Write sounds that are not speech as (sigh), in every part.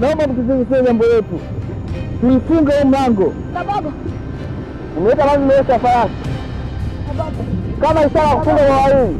naomba mtuzingatie jambo letu, tuifunge huo mlango. Umeweka maji mewesha farasi kama ishara ya kufunga kwa wawili,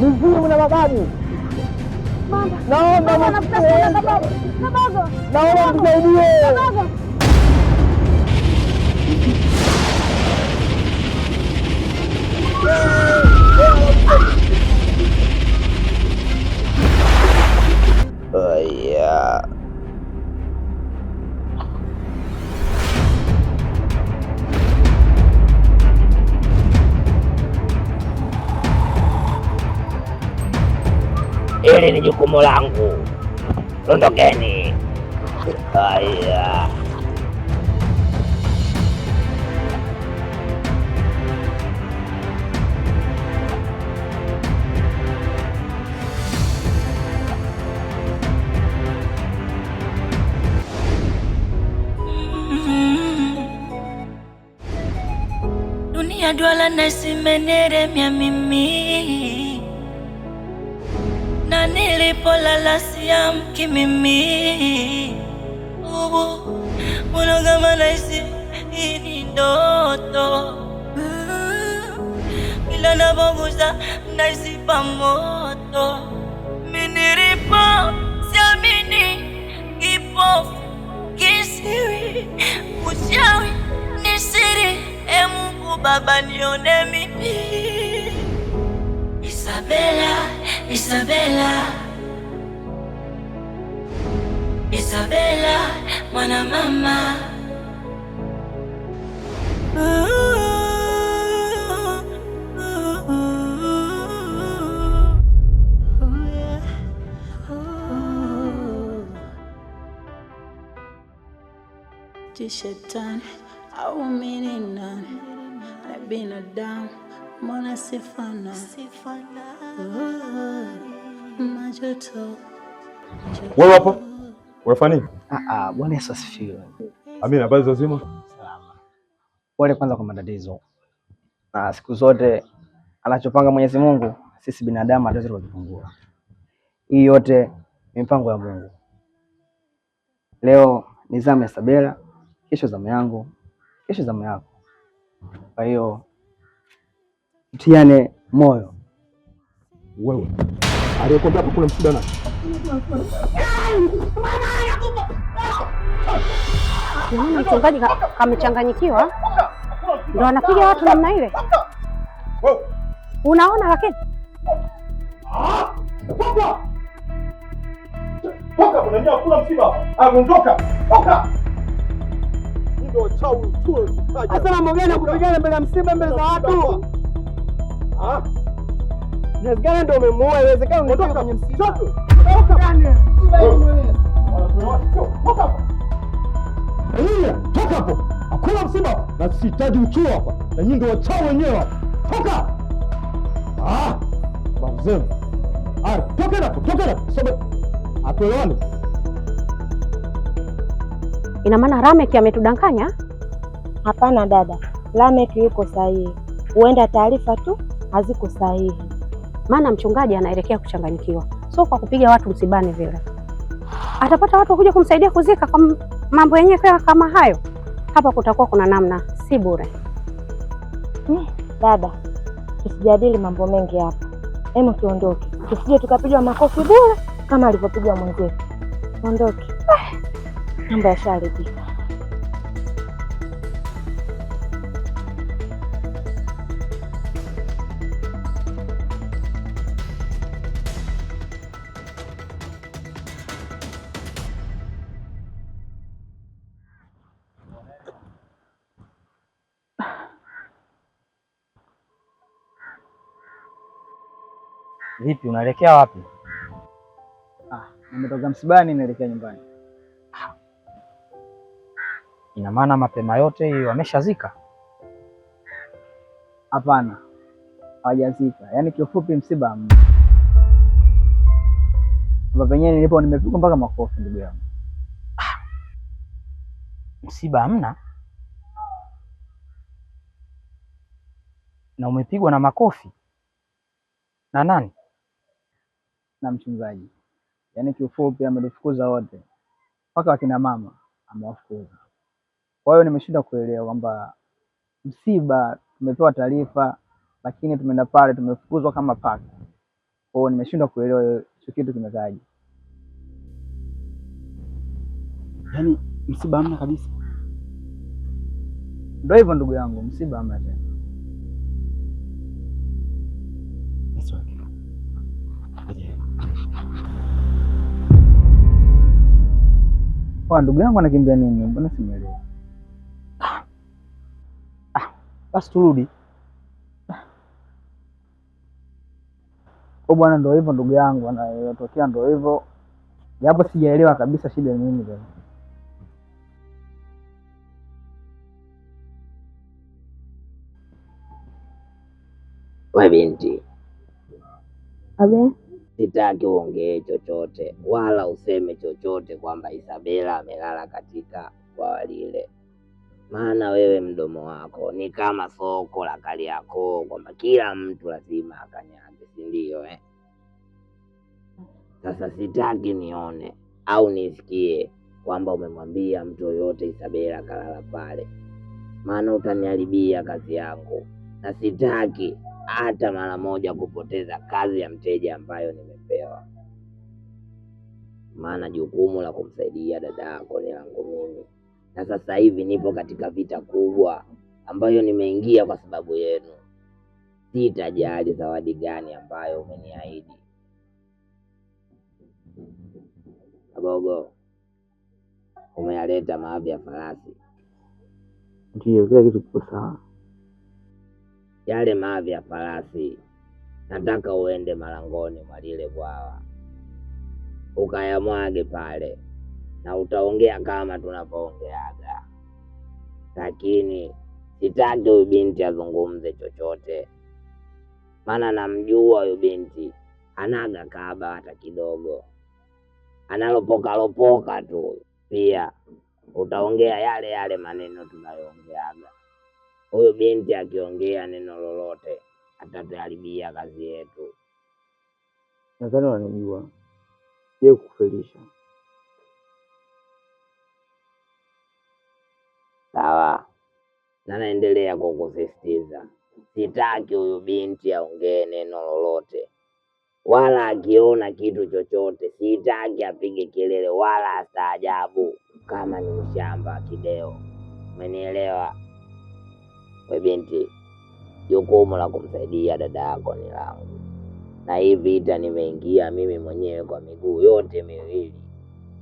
mizimu na mababu. Naomba naomba mtusaidie. (laughs) rồi uh, Hili ni jukumu langu, ondokeni. Haya. dwala na nasimeneremya mimi na nilipolala siamki mimi ubu munogama naisi ini ndoto bila naboguza naisi pa moto miniripo siamini kipofu kisiri uchawi baba, nione mimi. Isabela, Isabela, Isabella, mwana mama Shetani au mimi nani? binadamu mbona sifana, sifana. Oh, majuto wewe hapo unafanya nini? Ah ah, Bwana Yesu asifiwe. Amina. Habari za zima? Salama. Pole kwanza kwa matatizo, na siku zote anachopanga Mwenyezi Mungu sisi binadamu hatuwezi kukipungua. Hii yote ni mpango ya Mungu. Leo ni zamu ya Sabela, kesho zamu yangu, kesho zamu yako. Kwa hiyo tiane moyo. Wewe aliyekwambia hapo kuna msiba nani? Mchungaji kamechanganyikiwa, ndo anapiga watu namna ile. Unaona, lakini toka, unajua kula msiba, ondoka, toka Hasa mambo gani ya kupigana mbele ya msiba, mbele za watu? Inawezekana ndio umemuua, inawezekana kwenye msiba. Toka hapo, hakuna msiba na sihitaji uchua hapa, na nyinyi ndio wachawi wenyewe hapa. Toka ah, babu zenu, toka hapo, toka hapo, atuelewane Ina maana Lamek ametudanganya? Hapana dada, Lamek yuko sahihi, huenda taarifa tu haziko sahihi, maana mchungaji anaelekea kuchanganyikiwa. So kwa kupiga watu msibani vile, atapata watu kuja kumsaidia kuzika. Kwa mambo yenyewe kama hayo, hapa kutakuwa kuna namna, si bure. Hmm, dada, tusijadili mambo mengi hapa, hebu tuondoke, tusije tukapigwa makofi bure kama alivyopigwa mwenzetu. Ondoke. Eh, ambassador Vipi, unaelekea wapi? Ah, nimetoka msibani naelekea nyumbani. Ina maana mapema yote hiyo wameshazika? Hapana, hawajazika. Yaani kiufupi msiba hapa penyewe nilipo nimepigwa mpaka makofi ndugu yangu. Ah, msiba hamna na umepigwa na makofi na nani? Na mchungaji. Yaani kiufupi ametufukuza wote, mpaka wakina mama amewafukuza. Kwa hiyo nimeshindwa kuelewa kwamba msiba, tumepewa taarifa, lakini tumeenda pale tumefukuzwa kama paka. Kwa hiyo nimeshindwa kuelewa hicho kitu kimekaaje. Yaani msiba hamna kabisa? Ndio hivyo ndugu yangu, msiba hamna tena. Ndugu yangu anakimbia nini? Mbona simuelewi? basi turudi. Bwana, ndo hivyo ndugu yangu, anayotokea ndo hivyo, japo sijaelewa kabisa shida ni nini tena. We binti, abe, sitaki uongee chochote wala useme chochote kwamba Isabela amelala katika bwawa lile maana wewe mdomo wako ni kama soko la Kariakoo, kwamba kila mtu lazima akanyage, si ndio eh? Sasa sitaki nione au nisikie kwamba umemwambia mtu yoyote Isabela kalala pale, maana utaniharibia kazi yangu, na sitaki hata mara moja kupoteza kazi ya mteja ambayo nimepewa, maana jukumu la kumsaidia dada yako ni langu mimi na sasa hivi nipo katika vita kubwa ambayo nimeingia kwa sababu yenu. Sitajali zawadi gani ambayo umeniahidi. Kabogo, umeyaleta maavi ya farasi? Ndio, kila kitu kiko sawa. Yale maavi ya farasi nataka uende malangoni mwa lile bwawa ukayamwage pale na utaongea kama tunavyoongeaga, lakini sitaki huyu binti azungumze chochote, maana namjua huyu binti anaga kaba hata kidogo, analopokalopoka tu. Pia utaongea yale yale maneno tunayoongeaga. Huyu binti akiongea neno lolote atatuharibia kazi yetu. Nadhani wanajua je kukufelisha sawa, na naendelea kukusisitiza, sitaki huyu binti aongee neno lolote, wala akiona kitu chochote sitaki apige kelele wala astaajabu, kama ni mshamba kideo. Umenielewa? We binti, jukumu la kumsaidia dada yako ni langu, na hii vita nimeingia mimi mwenyewe kwa miguu yote miwili.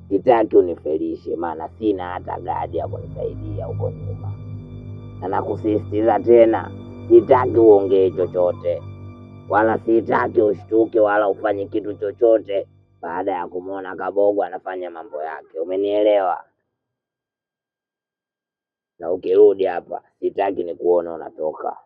Sitaki unifelishe, maana sina hata gadi ya kunisaidia huko nyuma, na nakusisitiza tena, sitaki uongee chochote, wala sitaki ushtuke, wala ufanye kitu chochote baada ya kumwona Kabogo anafanya mambo yake. Umenielewa? na ukirudi hapa sitaki kuona unatoka,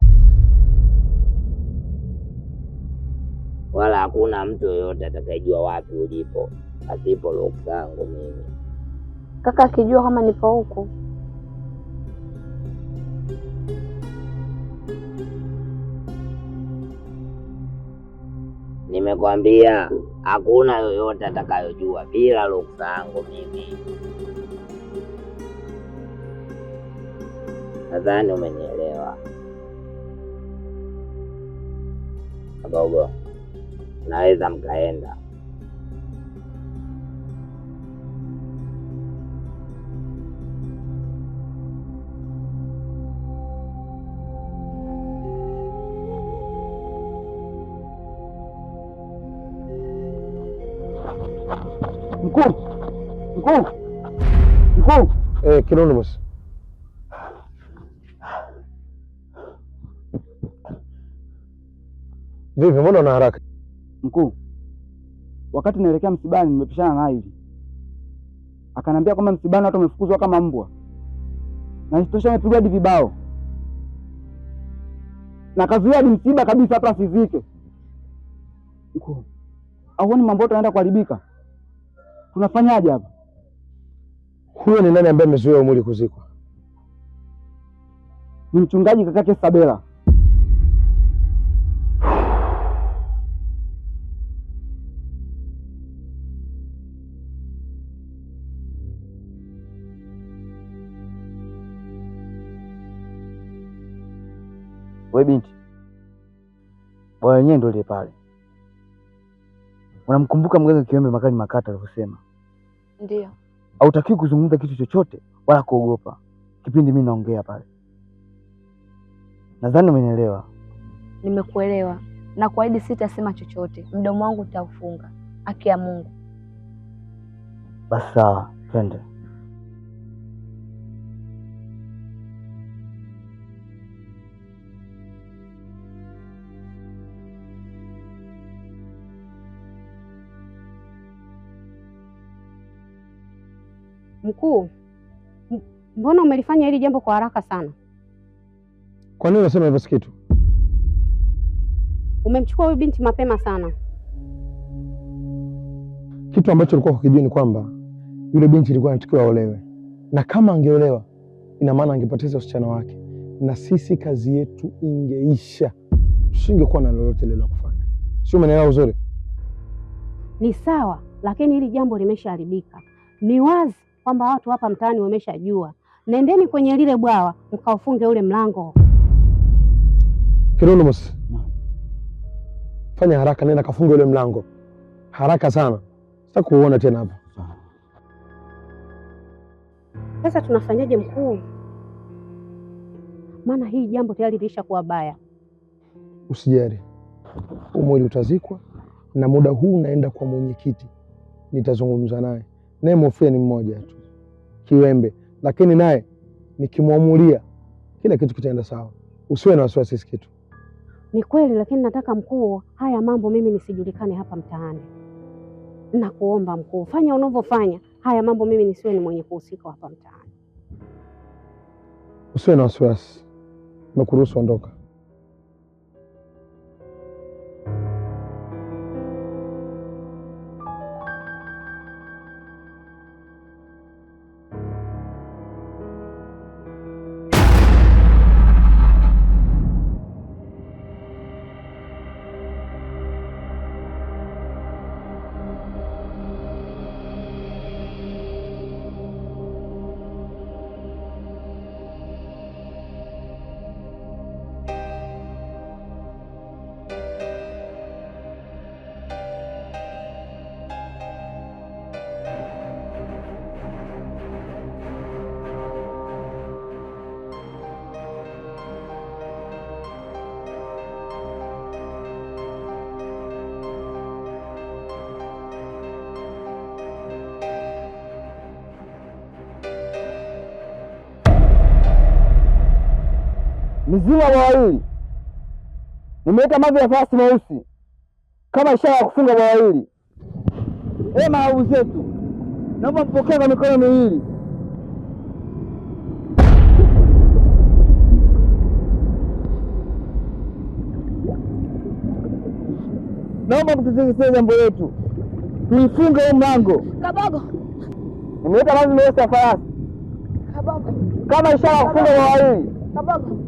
wala hakuna mtu yoyote atakayejua wapi ulipo hazipo lock zangu mimi. Kaka akijua kama nipo huku Nimekwambia hakuna yoyote atakayojua bila ruksa zangu mimi. Nadhani umenielewa Kabogo, naweza mkaenda. Kironymous. Vipi, mbona una haraka? Mkuu, wakati naelekea msibani nimepishana na hivi, akaniambia kwamba msibani watu wamefukuzwa kama mbwa, na isitosha amepigwa hadi vibao na kazuia ni msiba kabisa hapa asizike. Mkuu, auoni mambo yote yanaenda kuharibika? Tunafanyaje hapa? Huyo ni nani ambaye amezuia mwili kuzikwa? Ni mchungaji kakake Sabela. We binti, bwana wenyewe ndio ile pale. Unamkumbuka mganga Kiwembe Makali Makata alivyosema? Ndio hautakiwi kuzungumza kitu chochote wala kuogopa kipindi mimi naongea pale. Nadhani umenielewa. Nimekuelewa na kuahidi sitasema chochote, mdomo wangu utaufunga. Haki ya Mungu. Basi sawa, twende. Mkuu, mbona umelifanya hili jambo kwa haraka sana? Kwa nini unasema hivyo Sikitu? Umemchukua huyu binti mapema sana. Kitu ambacho ulikuwa hukijua ni kwamba yule binti ilikuwa anatakiwa aolewe, na kama angeolewa, ina maana angepoteza usichana wake, na sisi kazi yetu ingeisha, tusingekuwa na lolote lile la kufanya. Sio, umeelewa uzuri? Ni sawa, lakini hili jambo limeshaharibika. Ni wazi kwamba watu hapa mtaani wameshajua. Nendeni kwenye lile bwawa mkaufunge ule mlango. Kironimus, fanya haraka, nenda kafunge ule mlango haraka sana, kuona tena hapa. Sasa tunafanyaje mkuu? Maana hii jambo tayari liisha kuwa baya. Usijali, umwili utazikwa na muda huu naenda kwa mwenyekiti, nitazungumza naye naye Mofia ni mmoja tu kiwembe, lakini naye nikimwamulia kila kitu kitaenda sawa. Usiwe na wasiwasi kitu. Ni kweli, lakini nataka mkuu, haya mambo mimi nisijulikane hapa mtaani. Nakuomba mkuu, fanya unavyofanya, haya mambo mimi nisiwe ni mwenye kuhusika hapa mtaani. Usiwe na wasiwasi, nimekuruhusu ondoka. mzima wa wawili, nimeleta mavi ya farasi meusi kama ishara ya kufunga bwawa hili. E mababu zetu, naomba mpokee kwa mikono miwili. Naomba kutuzingatia jambo letu, tuifunge huu mlango. Kabogo, nimeleta mavi meusi ya farasi kama ishara ya kufunga bwawa hili. Kabogo.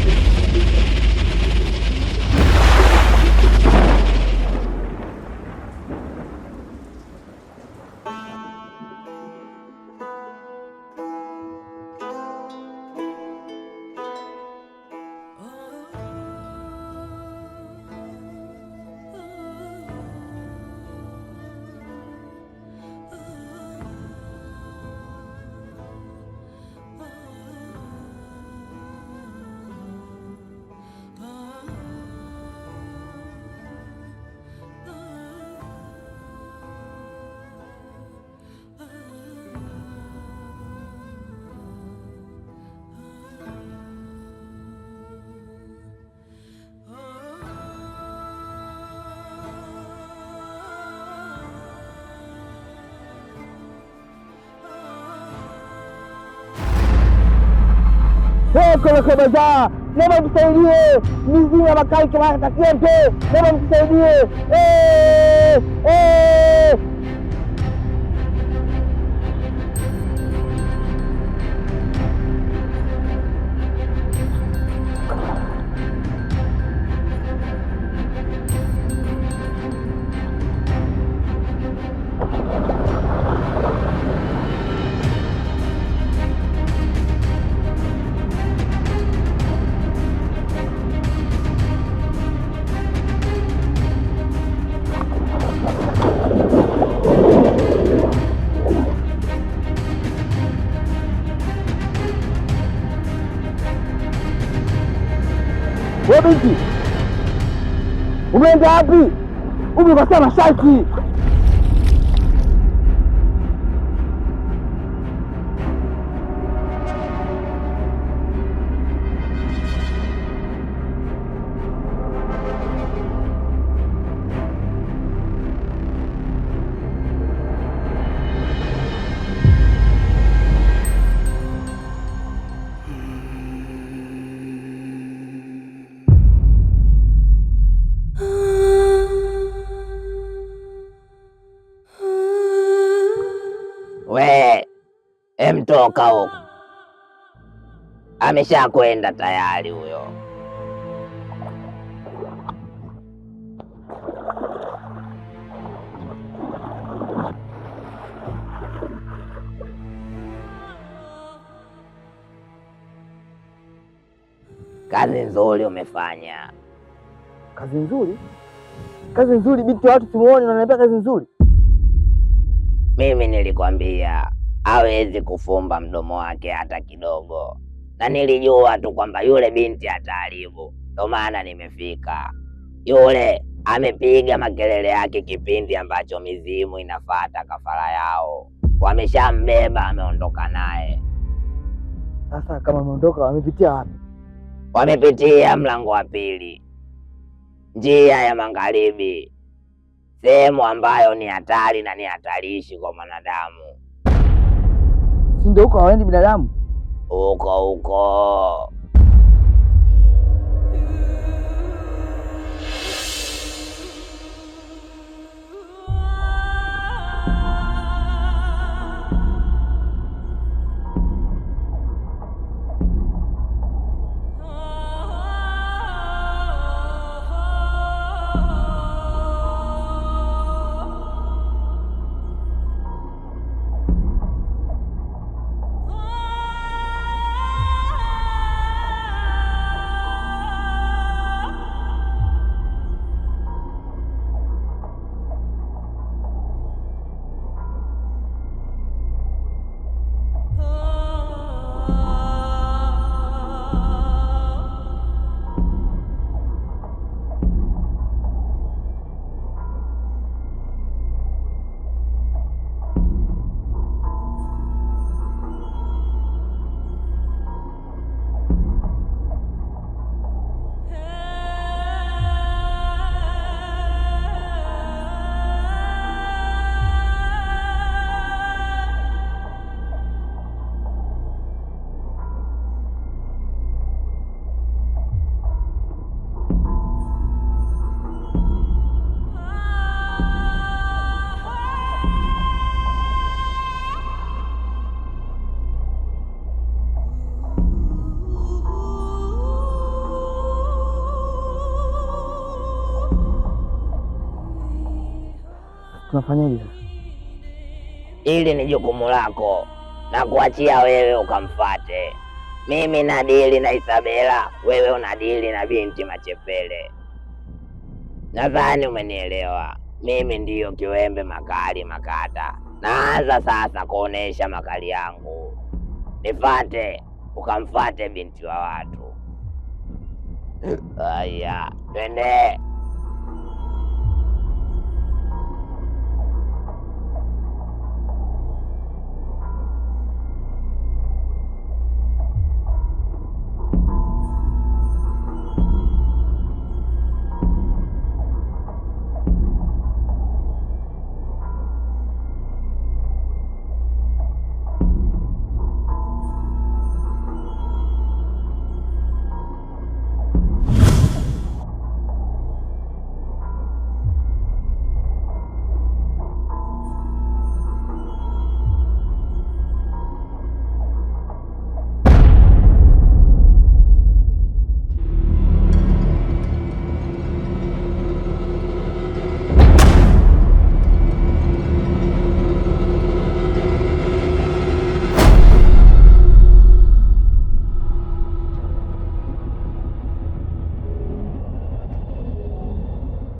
Ekolokobazaa, naomba mtusaidie, mizimu ya makali tuatakiente, naomba mtusaidie. Eh, eh. binti, umeenda wapi? Umekosea masharti. kutoka huko, ameshakwenda tayari huyo. Kazi nzuri umefanya, kazi nzuri, kazi nzuri. Binti watu na unaniambia kazi nzuri. Mimi nilikwambia hawezi kufumba mdomo wake hata kidogo, na nilijua tu kwamba yule binti ataharibu. Ndo maana nimefika. Yule amepiga makelele yake kipindi ambacho mizimu inafata kafara yao, wameshambeba, ameondoka naye. Sasa kama ameondoka, wamepitia wapi? Wamepitia mlango wa pili, njia ya magharibi, sehemu ambayo ni hatari na ni hatarishi kwa mwanadamu si ndio huko hawaendi binadamu? Uko huko Utafanyaje? Hili ni jukumu lako na kuachia wewe ukamfate. Mimi na dili na Isabela, wewe una dili na binti Machepele. Nadhani umenielewa. Mimi ndiyo kiwembe makali Makata. Naanza sasa kuonesha makali yangu, nifate ukamfate binti wa watu. Aya, twende.